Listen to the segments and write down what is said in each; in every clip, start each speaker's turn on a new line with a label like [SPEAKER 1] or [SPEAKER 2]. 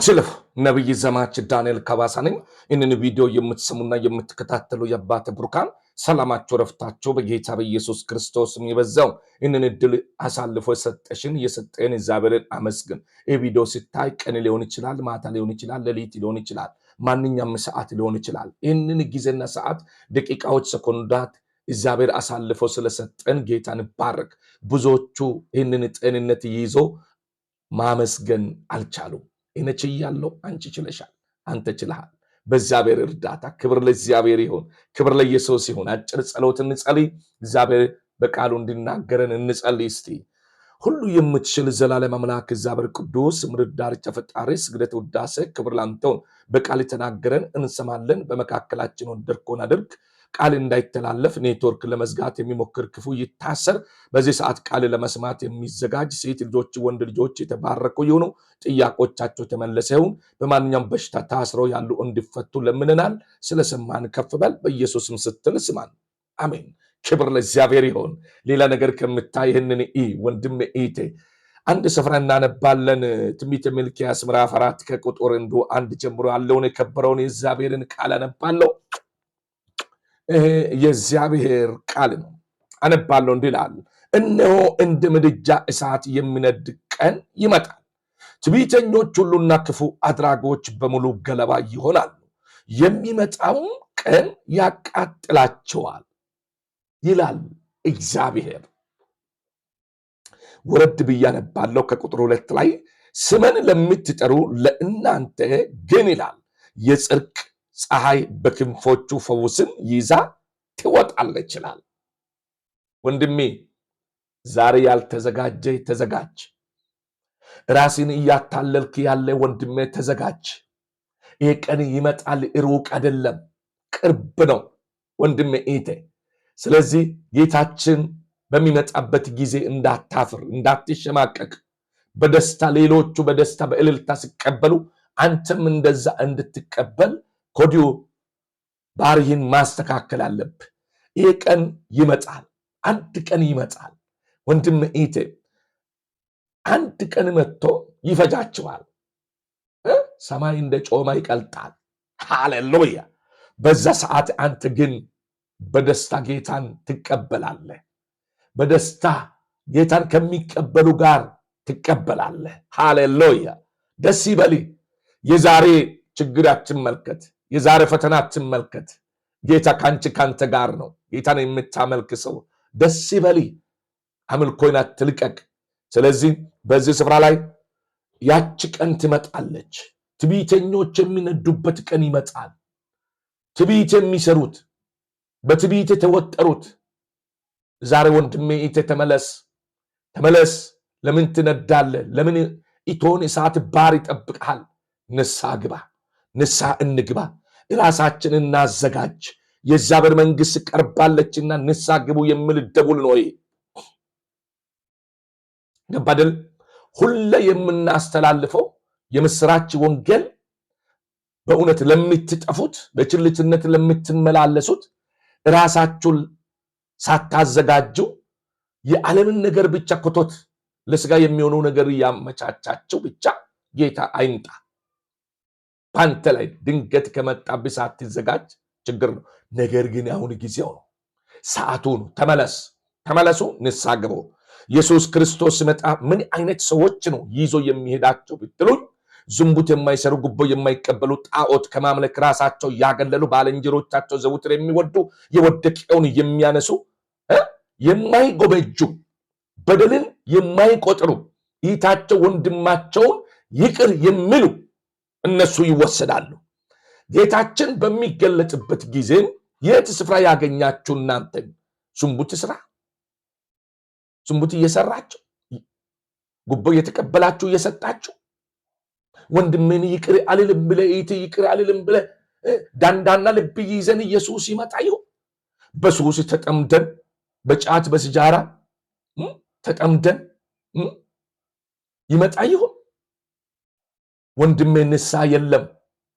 [SPEAKER 1] አችልፍ ነብይ ዘማች ዳንኤል ከባሳ ነኝ። ይህንን ቪዲዮ የምትሰሙና የምትከታተሉ የአባተ ብሩካን ሰላማቸው ረፍታቸው በጌታ በኢየሱስ ክርስቶስ የበዛው ይህንን እድል አሳልፎ የሰጠሽን የሰጠን እግዚአብሔርን አመስግን። ይህ ቪዲዮ ሲታይ ቀን ሊሆን ይችላል፣ ማታ ሊሆን ይችላል፣ ሌሊት ሊሆን ይችላል፣ ማንኛውም ሰዓት ሊሆን ይችላል። ይህንን ጊዜና ሰዓት፣ ደቂቃዎች፣ ሰኮንዳት እግዚአብሔር አሳልፎ ስለሰጠን ጌታን ባረክ። ብዙዎቹ ይህንን ጤንነት ይዞ ማመስገን አልቻሉም። እነች እያለው አንቺ ችለሻል፣ አንተ ችልሃል። በእግዚአብሔር እርዳታ ክብር ለእግዚአብሔር ይሁን፣ ክብር ለኢየሱስ ይሁን። አጭር ጸሎት እንጸልይ። እግዚአብሔር በቃሉ እንዲናገረን እንጸልይ እስቲ ሁሉ የምትችል ዘላለም አምላክ እግዚአብሔር ቅዱስ ምድር ዳርቻ ፈጣሪ ስግደት፣ ውዳሴ፣ ክብር ላንተውን በቃል የተናገረን እንሰማለን። በመካከላችን ወደድከውን አድርግ ቃል እንዳይተላለፍ ኔትወርክ ለመዝጋት የሚሞክር ክፉ ይታሰር። በዚህ ሰዓት ቃል ለመስማት የሚዘጋጅ ሴት ልጆች፣ ወንድ ልጆች የተባረኩ ይሁኑ። ጥያቄዎቻቸው የተመለሰ ይሁን። በማንኛውም በሽታ ታስረው ያሉ እንዲፈቱ ለምንናል። ስለሰማን ከፍ በል በኢየሱስም ስትል ስማን። አሜን። ክብር ለእግዚአብሔር ይሆን። ሌላ ነገር ከምታይ ይህንን ኢ ወንድም ኢቴ አንድ ስፍራ እናነባለን። ትንቢተ ሚልክያስ ምዕራፍ አራት ከቁጥር አንድ ጀምሮ ያለውን የከበረውን የእግዚአብሔርን ቃል አነባለሁ። ይሄ የእግዚአብሔር ቃል ነው። አነባለሁ እንዲህ ይላል፣ እነሆ እንደ ምድጃ እሳት የሚነድ ቀን ይመጣል፣ ትዕቢተኞች ሁሉና ክፉ አድራጎች በሙሉ ገለባ ይሆናሉ፣ የሚመጣውም ቀን ያቃጥላቸዋል ይላል እግዚአብሔር። ወረድ ብዬ አነባለሁ ከቁጥር ሁለት ላይ ስመን ለምትጠሩ ለእናንተ ግን ይላል የጽድቅ ፀሐይ በክንፎቹ ፈውስን ይዛ ትወጣለች ይችላል። ወንድሜ ዛሬ ያልተዘጋጀ ተዘጋጅ። ራስን እያታለልክ ያለ ወንድሜ ተዘጋጅ። ይህ ቀን ይመጣል፣ ሩቅ አይደለም፣ ቅርብ ነው ወንድሜ ኢቴ። ስለዚህ ጌታችን በሚመጣበት ጊዜ እንዳታፍር፣ እንዳትሸማቀቅ በደስታ ሌሎቹ በደስታ በእልልታ ሲቀበሉ አንተም እንደዛ እንድትቀበል ከወዲሁ ባህርይህን ማስተካከል አለብህ። ይህ ቀን ይመጣል፣ አንድ ቀን ይመጣል። ወንድም ኢቴ አንድ ቀን መጥቶ ይፈጃችኋል። ሰማይ እንደ ጮማ ይቀልጣል። ሃሌሉያ! በዛ ሰዓት አንተ ግን በደስታ ጌታን ትቀበላለህ። በደስታ ጌታን ከሚቀበሉ ጋር ትቀበላለህ። ሃሌሉያ! ደስ ይበል። የዛሬ ችግራችን መልከት የዛሬ ፈተና አትመልከት። ጌታ ከአንቺ ከአንተ ጋር ነው። ጌታን የምታመልክ ሰው ደስ ይበል። አምልኮይን አትልቀቅ። ስለዚህ በዚህ ስፍራ ላይ ያቺ ቀን ትመጣለች። ትቢተኞች የሚነዱበት ቀን ይመጣል። ትቢት የሚሰሩት በትቢት የተወጠሩት ዛሬ ወንድሜ ኢቴ ተመለስ፣ ተመለስ። ለምን ትነዳለ ለምን ኢቶን እሳት ባር ይጠብቃል? ንስሐ ግባ። ንስሐ እንግባ፣ ራሳችን እናዘጋጅ። የእግዚአብሔር መንግስት ቀርባለችና ንስሐ ግቡ የሚል ደውል ነው። ገባደል ሁለ የምናስተላልፈው የምስራች ወንጌል በእውነት ለምትጠፉት በችልትነት ለምትመላለሱት ራሳችሁን ሳታዘጋጁ የዓለምን ነገር ብቻ ኮቶት ለስጋ የሚሆኑ ነገር እያመቻቻቸው ብቻ ጌታ አይምጣ። በአንተ ላይ ድንገት ከመጣብህ ትዘጋጅ ችግር ነው። ነገር ግን አሁን ጊዜው ነው፣ ሰዓቱ ነው። ተመለስ፣ ተመለሱ፣ ንስሐ ግቡ። ኢየሱስ ክርስቶስ ሲመጣ ምን አይነት ሰዎች ነው ይዞ የሚሄዳቸው ብትሉኝ ዝንቡት የማይሰሩ ጉቦ የማይቀበሉ ጣዖት ከማምለክ ራሳቸው ያገለሉ ባልንጀሮቻቸው ዘውትር የሚወዱ የወደቀውን የሚያነሱ የማይጎበጁ በደልን የማይቆጥሩ ይታቸው ወንድማቸውን ይቅር የሚሉ እነሱ ይወሰዳሉ። ጌታችን በሚገለጥበት ጊዜም የት ስፍራ ያገኛችሁ እናንተን ስንቡት ስራ ስንቡት እየሰራችሁ ጉቦ እየተቀበላችሁ እየሰጣችሁ ወንድምን ይቅር አልልም ብለ ይት ይቅር አልልም ብለ ዳንዳና ልብ ይዘን ኢየሱስ ይመጣ ይሁን በሱስ ተጠምደን በጫት በስጃራ ተጠምደን ይመጣ ይሁን ወንድሜ ንሳ የለም።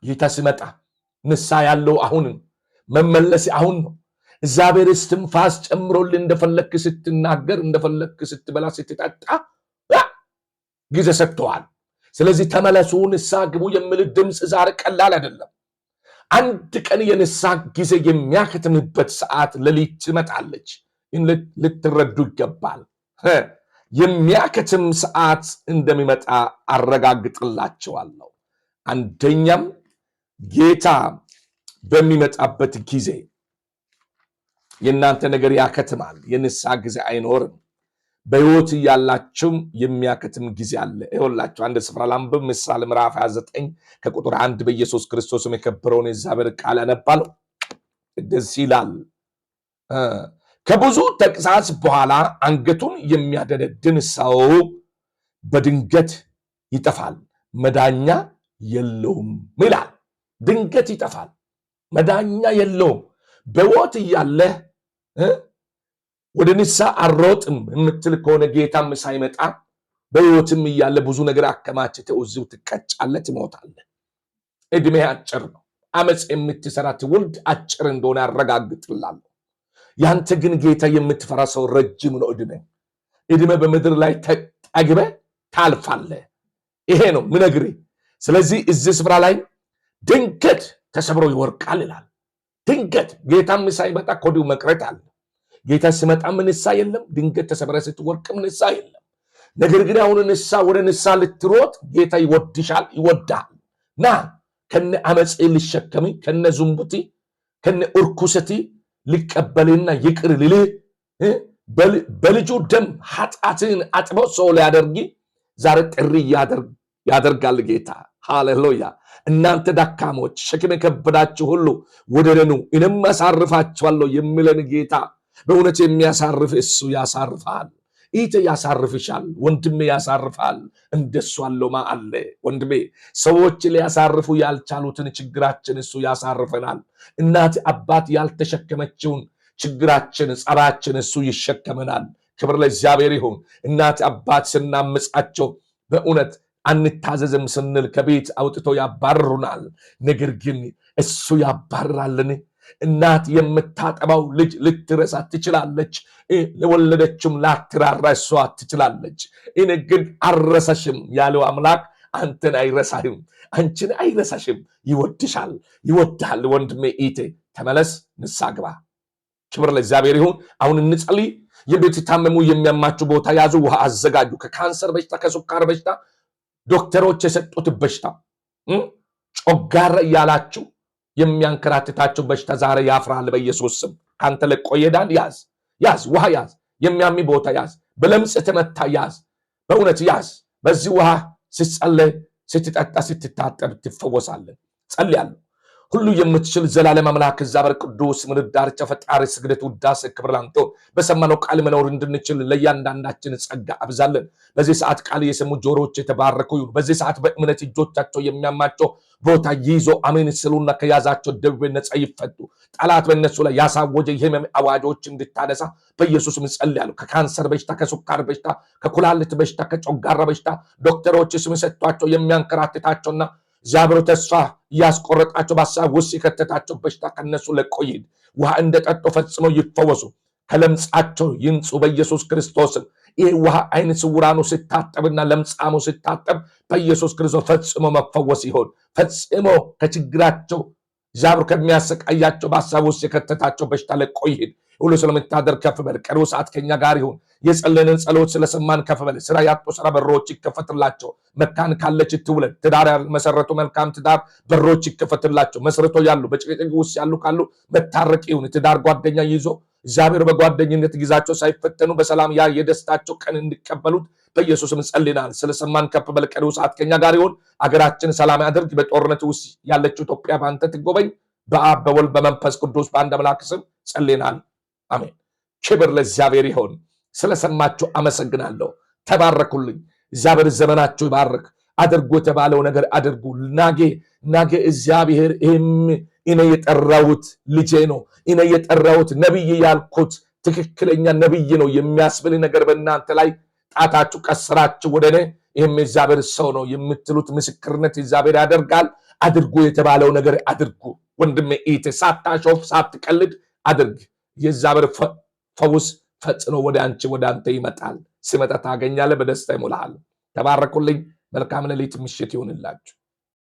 [SPEAKER 1] ጌታ ሲመጣ ንሳ ያለው አሁን መመለስ አሁን ነው። እግዚአብሔር እስትንፋስ ጨምሮልህ እንደፈለክ ስትናገር፣ እንደፈለክ ስትበላ፣ ስትጠጣ ጊዜ ሰጥተዋል። ስለዚህ ተመለሱ፣ ንሳ ግቡ የሚል ድምፅ ዛሬ ቀላል አይደለም። አንድ ቀን የንሳ ጊዜ የሚያከትምበት ሰዓት ሌሊት ትመጣለች። ልትረዱ ይገባል። የሚያከትም ሰዓት እንደሚመጣ አረጋግጥላቸዋለሁ። አንደኛም ጌታ በሚመጣበት ጊዜ የእናንተ ነገር ያከትማል። የንስሐ ጊዜ አይኖርም። በህይወት እያላችሁም የሚያከትም ጊዜ አለ። ይኸውላችሁ አንድ ስፍራ ላንብብ። ምሳሌ ምዕራፍ 29 ከቁጥር አንድ በኢየሱስ ክርስቶስም የከበረውን የእግዚአብሔር ቃል ያነባለው እንደዚህ ይላል ከብዙ ተግሣጽ በኋላ አንገቱን የሚያደነድን ሰው በድንገት ይጠፋል፣ መዳኛ የለውም ይላል። ድንገት ይጠፋል፣ መዳኛ የለውም። በሕይወት እያለህ ወደ ንሳ አሮጥም የምትል ከሆነ ጌታም ሳይመጣ በሕይወትም እያለ ብዙ ነገር አከማችተ እዚሁ ትቀጫለ፣ ትሞታለ። እድሜ አጭር ነው። አመፅ የምትሰራ ትውልድ አጭር እንደሆነ አረጋግጥላለሁ። ያንተ ግን ጌታ የምትፈራ ሰው ረጅም ነው እድሜ እድሜ በምድር ላይ ተጠግበ ታልፋለ። ይሄ ነው ምነግሬ። ስለዚህ እዚህ ስፍራ ላይ ድንገት ተሰብሮ ይወርቃል ይላል። ድንገት ጌታ ሳይመጣ ከወዲሁ መቅረት አለ። ጌታ ሲመጣም ንሳ የለም። ድንገት ተሰብረ ስትወርቅም ንሳ የለም። ነገር ግን አሁን ንሳ ወደ ንሳ ልትሮጥ ጌታ ይወድሻል፣ ይወዳል ና ከነ አመፅ ልሸከሚ ከነ ዙንቡቲ ከነ እርኩሰቲ ሊቀበልህና ይቅር ልልህ በልጁ ደም ኃጢአትህን አጥበው ሰው ሊያደርጊ ዛሬ ጥሪ ያደርጋል ጌታ። ሃሌሉያ! እናንተ ዳካሞች ሸክም የከበዳችሁ ሁሉ ወደ እኔ ኑ እኔም አሳርፋችኋለሁ የሚለን ጌታ በእውነት የሚያሳርፍ እሱ ያሳርፋል። ኢተ ያሳርፍሻል፣ ወንድሜ ያሳርፋል። እንደሱ አለማ አለ ወንድሜ። ሰዎች ሊያሳርፉ ያልቻሉትን ችግራችን እሱ ያሳርፈናል። እናት አባት ያልተሸከመችውን ችግራችን፣ ጸራችን እሱ ይሸከመናል። ክብር ለእግዚአብሔር ይሁን። እናት አባት ስናምጻቸው በእውነት አንታዘዝም ስንል ከቤት አውጥቶ ያባርሩናል። ነገር ግን እሱ ያባርራልን? እናት የምታጠባው ልጅ ልትረሳ ትችላለች፣ ለወለደችም ላትራራ እሷ ትችላለች። እኔ ግን አረሰሽም ያለው አምላክ አንተን አይረሳህም፣ አንቺን አይረሳሽም። ይወድሻል፣ ይወድሃል። ወንድሜ ኢቴ ተመለስ፣ ንስሐ ግባ። ክብር ለእግዚአብሔር ይሁን። አሁን እንጸልይ። የቤት ታመሙ፣ የሚያማችሁ ቦታ ያዙ፣ ውሃ አዘጋጁ። ከካንሰር በሽታ ከሱካር በሽታ ዶክተሮች የሰጡት በሽታ ጮጋራ እያላችሁ የሚያንከራትታቸው በሽታ ዛሬ ያፍራል። በኢየሱስ ስም ከአንተ ለቆ ይሄዳል። ያዝ ያዝ፣ ውሃ ያዝ፣ የሚያሚ ቦታ ያዝ፣ በለምጽ የተመታ ያዝ፣ በእውነት ያዝ። በዚህ ውሃ ስትጸለይ፣ ስትጠጣ፣ ስትታጠብ ትፈወሳለን። ጸልያለሁ ሁሉ የምትችል ዘላለም አምላክ እግዚአብሔር ቅዱስ ምን ዳርቻ ፈጣሪ ስግደት፣ ውዳሴ፣ ክብር ላንተ በሰማነው ቃል መኖር እንድንችል ለእያንዳንዳችን ጸጋ አብዛለን። በዚህ ሰዓት ቃል የሰሙ ጆሮዎች የተባረኩ ይሁን። በዚህ ሰዓት በእምነት እጆቻቸው የሚያማቸው ቦታ ይዞ አሜን ስሉና ከያዛቸው ደዌ ነጻ ይፈቱ። ጠላት በእነሱ ላይ ያሳወጀ የህመም አዋጆች እንድታነሳ በኢየሱስ ስም ጸልያለሁ። ከካንሰር በሽታ፣ ከሱካር በሽታ፣ ከኩላልት በሽታ፣ ከጮጋራ በሽታ ዶክተሮች ስም ሰጥቷቸው የሚያንከራትታቸውና ዛብሮ ተስፋ እያስቆረጣቸው በሀሳብ ውስጥ የከተታቸው በሽታ ከነሱ ለቆ ይሂድ። ውሃ እንደጠጡ ፈጽመው ይፈወሱ፣ ከለምጻቸው ይንጹ በኢየሱስ ክርስቶስም። ይህ ውሃ አይን ስውራኑ ሲታጠብና ለምጻሙ ሲታጠብ በኢየሱስ ክርስቶስ ፈጽሞ መፈወስ ይሆን። ፈጽሞ ከችግራቸው ዛብሮ ከሚያሰቃያቸው በሀሳብ ውስጥ የከተታቸው በሽታ ለቆ ይሂድ። ሁሉ ስለምታደር ከፍ በል። ቀሪው ሰዓት ከኛ ጋር ይሁን። የጸለንን ጸሎት ስለሰማን ከፍ በል። ስራ ያጡ ስራ በሮች ይከፈትላቸው። መካን ካለች ትውለድ። ትዳር መሰረቱ መልካም ትዳር በሮች ይከፈትላቸው። መስርቶ ያሉ በጭቅጭቅ ውስጥ ያሉ ካሉ መታረቅ ይሁን። ትዳር ጓደኛ ይዞ እግዚአብሔር በጓደኝነት ጊዛቸው ሳይፈተኑ በሰላም ያ የደስታቸው ቀን እንዲቀበሉት በኢየሱስም ጸልናል። ስለሰማን ከፍ በል። ቀሪው ሰዓት ከኛ ጋር ይሁን። አገራችን ሰላም ያድርግ። በጦርነት ውስጥ ያለችው ኢትዮጵያ በአንተ ትጎበኝ። በአብ በወልድ በመንፈስ ቅዱስ በአንድ አምላክ ስም ጸልናል። አሜን። ክብር ለእግዚአብሔር ይሆን። ስለሰማችሁ አመሰግናለሁ። ተባረኩልኝ። እግዚአብሔር ዘመናችሁ ይባርክ። አድርጎ የተባለው ነገር አድርጉ። ናጌ ናጌ እግዚአብሔር ይህም እኔ የጠራሁት ልጄ ነው፣ እኔ የጠራሁት ነቢይ ያልኩት ትክክለኛ ነቢይ ነው የሚያስብል ነገር በእናንተ ላይ ጣታችሁ ቀስራችሁ ወደ እኔ ይህም እግዚአብሔር ሰው ነው የምትሉት ምስክርነት እግዚአብሔር ያደርጋል። አድርጎ የተባለው ነገር አድርጉ። ወንድሜ ኢቴ ሳታሾፍ ሳትቀልድ አድርግ። የዛብር ፈውስ ፈጽኖ ወደ አንቺ ወደ አንተ ይመጣል። ሲመጣ ታገኛለህ። በደስታ ይሞልሃል። ተባረኩልኝ። መልካም ሌሊት ምሽት ይሆንላችሁ።